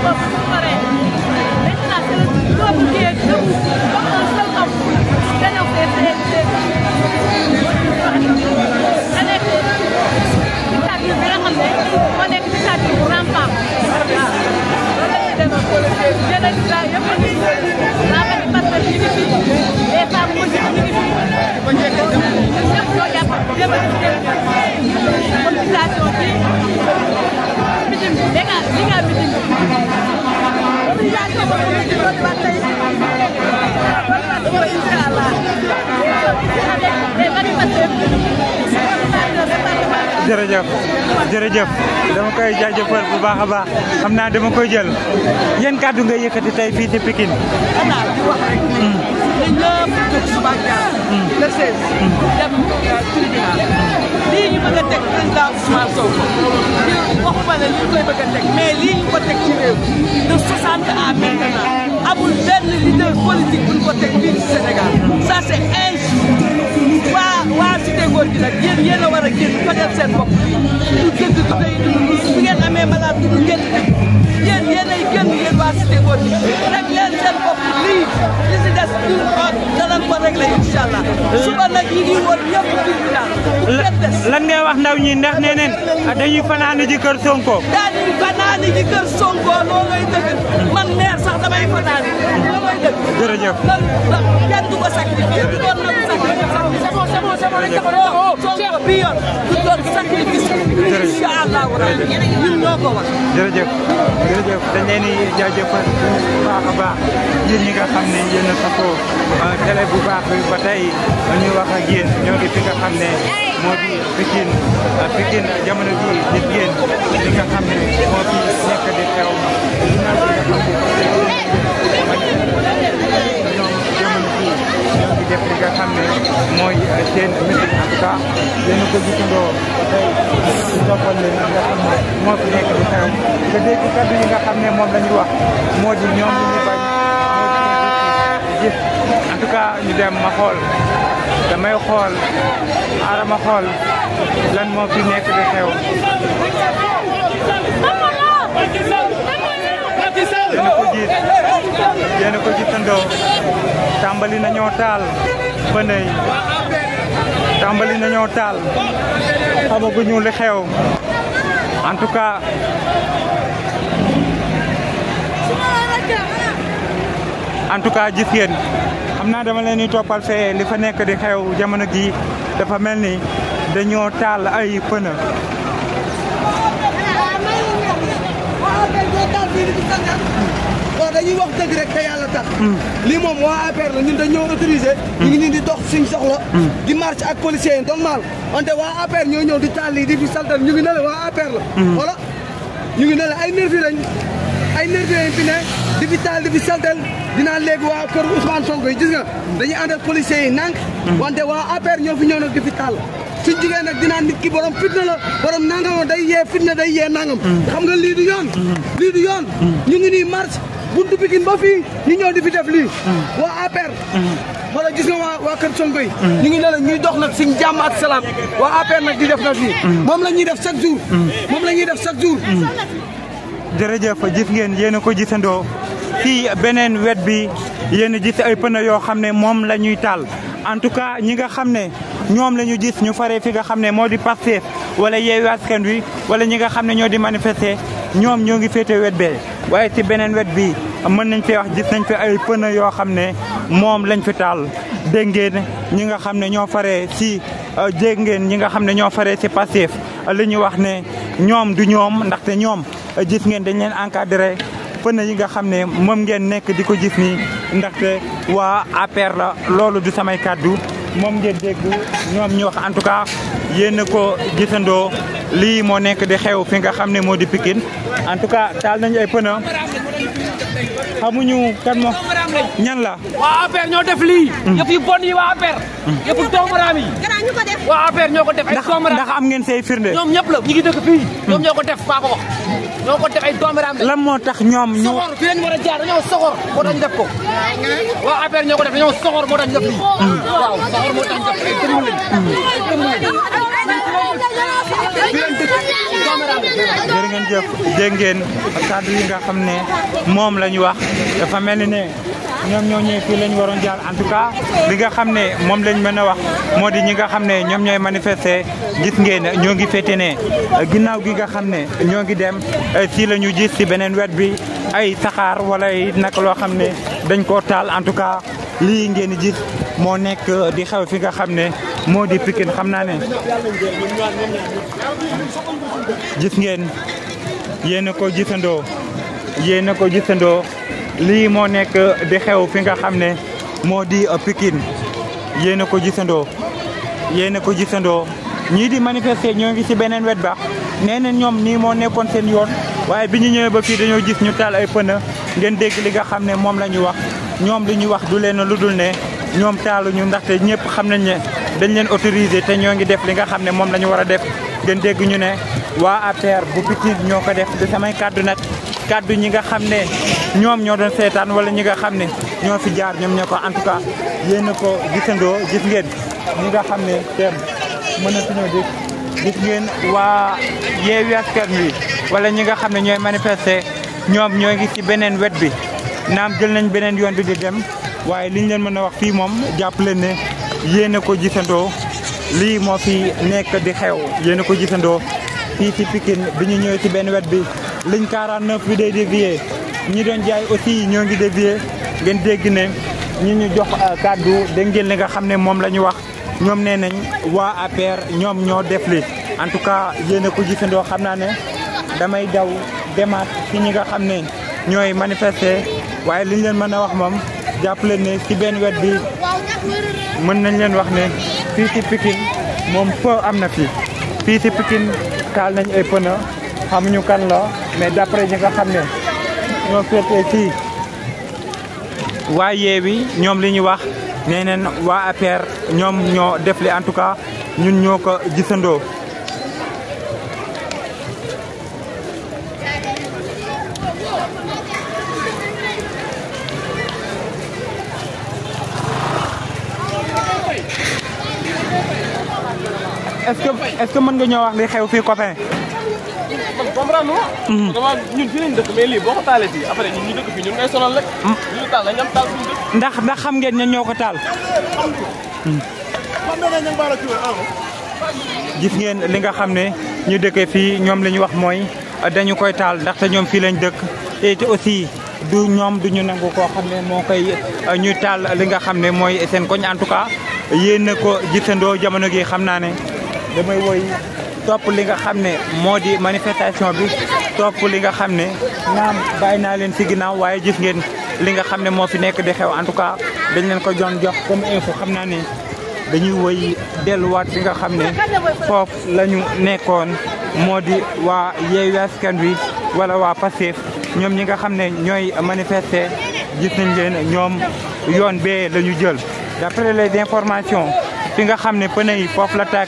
Let's go. jërëjëf jërëjëf dama koy jaajëfal bu baax a baax xam naa dama koy jël yéen kàddu nga yëkkati tey fii ci Pikine. lii ñu bëgg a teg président Ousmane waxuma ne koy bëgg a teg mais lii ñu ko teg ci réew de 60 à ci Sénégal ça feebar bi nag yéen yéen a war a génn fajal seen bopp du dëgg du day dund bu ngeen amee malade du ngeen def yéen yéen ay génn yéen waa cité woon bi rek leen seen bopp lii li si des du suba lan ngay wax ndaw ñi ndax dañuy ji Sonko dañuy ji Sonko man sax damay du ko yoon du doon sacrifice incha allahu rabbi ñun ñoo ko war jërëjëf jërëjëf dañ leen di jaajëfal bu baax ñi nga xam ne yéen a safoo ah, télé bu baax bi ba tey ñu wax ak yéen ñoo ngi xam ne moo di Pikine ah, Pikine jamono ji di yéen seen musique en tout cas ko gisandoo tey ñu toppal leen nga xam ne moo fi nekk di xew nga dégg kaddu yi nga xam ne moom la ñu moo di ñoom li ma xool damay xool aara ma xool lan moo fi nekk di xew yéen a ko jiit yéen a ko jiitandoo tàmbali nañoo taal pëndey tàmbali nañoo taal xamaguñu li xew en tout cas en tout cas gis xam naa dama leen di toppal fee li fa nekk di xew jamono gi dafa mel ni dañoo taal ay pënë waaw dañuy wax dëgg rek tax hmm. lii moom waa APR la ñun dañ ñoo autorisé hmm. ñu ngi nii di dox suñ soxla hmm. di marche ak policiers yi normal wante waa APR ñoo ñëw di taal lii di fi saltal ñu ngi ne la waa APR la voilà ñu ngi ne la ay nervi lañ ay nervi lañ fi ne di fi taal di fi saltal dinaa léegi waa kër Ousmane Sonko yi gis nga dañuy ànd ak policiers wante waa APR ñoo fi ñëw nag di fi taal suñu jugee nak dina nit ki borom fitna la borom nangam day yee fitna day yee nangam mm. xam nga li du yoon mm. li du yoon mm. ñu ngi ni marche buntu bikin ba fi ñu ñoo di fi def lii waa APR wala gis nga wa wa kër Sonko yi ñu ngi ne la ñuy dox nak suñu jamm ak salam wa aper nak di def nak fi mom la ñuy def chaque jour mom la ñuy def chaque jour jeuf gis ngeen yeena ko jissando fi benen wet bi yeena jiss ay pëna yo xamne ne la ñuy tal en tout cas ñi nga xamne ñoom la ñu gis ñu faree fi nga xam ne moo di Pastef wala yee Askan Wi wala ñi nga xam ne ñoo di manifester ñoom ñoo ngi féete wet bee waaye ci beneen wet bi mën nañ fee wax gis nañ fi ay pneu yoo xam ne moom lañ fi taal dégg ngeen ñi nga xam ne ñoo faree si euh, dégg ngeen ñi nga xam ne ñoo faree si Pastef li ñu wax ne ñoom du ñoom ndaxte ñoom euh, gis ngeen dañ leen encadré pneu yi nga xam ne mën ngeen nekk di ko gis nii ndaxte waa APR la loolu du samay kàddu mom ngeen dégg ñom ñu wax en tout cas yeen ko gisandoo li mo nek di xew fi nga xamne modi di Pikine en tout cas tal nañ ay pneu xamuñu kan mo ñan la wa affaire ñoo def li mm. yef yu bon yi wa affaire mm. yëf doomaraam yi gëna ñu ko def wa affaire ñoo ko def ay doomaraam ndax am ngeen sey firnde ñom ñep la ñi ngi dëkk fi ñom ñoo ko def ba ko wax ñoo ko def ay doomaraam la mo tax ñom ñu soxor fi leen wara jaar dañoo soxor mo dañ def ko wa affaire ñoo ko def dañoo soxor mo dañ def li mm. waaw soxor mo tax def ay jërë ngeen jëf dégg ngeen kàddu yi nga xam ne moom la ñu wax dafa mel ni ne ñoom ñoo ñëwee fii lañ waroon jaar en tout cas li nga xam ne moom lañ mën a wax moo di ñi nga xam ne ñoom ñooy manifester gis ngeen ñoo ngi féete ne ginnaaw gi nga xam ne ñoo ngi dem si eh, la ñu gis si beneen wet bi ay saxaar wala ay nak loo xam ne dañ ko taal en tout cas lii ngeen gis moo nekk di xew fi nga xam ne. moo di Pikine xam naa ne gis ngeen yéen a ko gisandoo yéen a ko jisandoo lii moo nekk di xew fi nga xam ne moo di Pikine yéen a ko jisandoo yéen a ko gisandoo ñii di manifester ñoo ngi ci beneen wet ba nee na ñoom nii moo nekkoon seen yoon waaye bi ñu ñëwee ba fii dañoo gis ñu taal ay pëna ngeen dégg li nga xam ne moom la ñu wax ñoom li ñuy wax du leen lu dul ne ñoom ñu ndaxte ñëpp xam nañ ne dañ leen autorisé te ñoo ngi def li nga xam ne moom la ñu war a def ngeen dégg ñu ne waa APR bu Pikine ñoo ko def du samay kàddu nag kàddu ñi nga xam ne ñoom ñoo doon seetaan wala ñi nga xam ne ñoo fi jaar ñoom ñoo ko en tout cas yéen ko gisandoo gis ngeen ñi nga xam ne teem mën na suñoo gis gis ngeen waa Yewwi Askan Wi wala ñi nga xam ne ñooy manifester ñoom ñoo ngi ci beneen wet bi naam jël nañ beneen yoon bi di dem waaye liñ leen mën a wax fii moom jàpp leen ne yéen a ko gisandoo lii moo fi nekk di xew yéen ko gisandoo fii ci Pikine bi ñu ñëwee ci benn wet bi ligne 49 bi day dévier ñi doon jaay aussi ñoo ngi dévier ngeen dégg ne ñi ñu jox euh, kàddu dégg ngeen li nga xam ne moom la ñu wax ñoom nee nañ waa APR ñoom ñoo def li en tout cas yéen a ko gisandoo xam naa ne damay daw demaat ci ñi nga xam ne ñooy manifester waaye liñ leen mën a wax moom jàpp leen ne ci benn wet bi mën nañ leen wax ne fii ci Pikine moom feu am na fii fii ci Pikine taal nañ ay pneu xamuñu kan la mais d'après ñi nga xam ne ñoo féetee fii waa Yewwi ñoom li ñu wax nee neen waa APR ñoom ñoo def li en tout cas ñun ñoo ko gisandoo est-ce que est-ce que mën nga ñoo wax li xew fii copain. man comprendre nga. Mm. dama ñun fii lañ dëkk mais lii boo ko taalee fii après ñun ñu dëkk fii ñun ngay sonal rek. Mm. ñu taal la ñu am taal suñu dëkk. ndax ndax xam ngeen ñan ñoo ko taal. Mm. Ah. gis ngeen li nga xam ne ñu dëkkee fii ñoom li ñu wax mooy dañu koy taal ndaxte ñoom fii lañ dëkk et aussi du ñoom du ñu nangu koo xam ne moo koy ñuy taal li nga xam ne mooy seen koñ en tout cas yéen na ko gisandoo jamono gi xam naa ne. damay woy topp li nga xam ne moo di manifestation bi topp li nga xam ne naam bàyyi naa leen si ginnaaw waaye gis ngeen li nga xam ne moo fi nekk di xew en tout cas dañ leen ko joon jox comme info xam naa ne dañuy woy delluwaat fi nga xam ne foofu lañu nekkoon moo di waa Yewwi Askan wala waa Pastef ñoom ñi nga xam ne ñooy manifester gis nañ leen ñoom yoon bee la ñu jël d'après les informations fi nga xam ne pneu yi la tàkk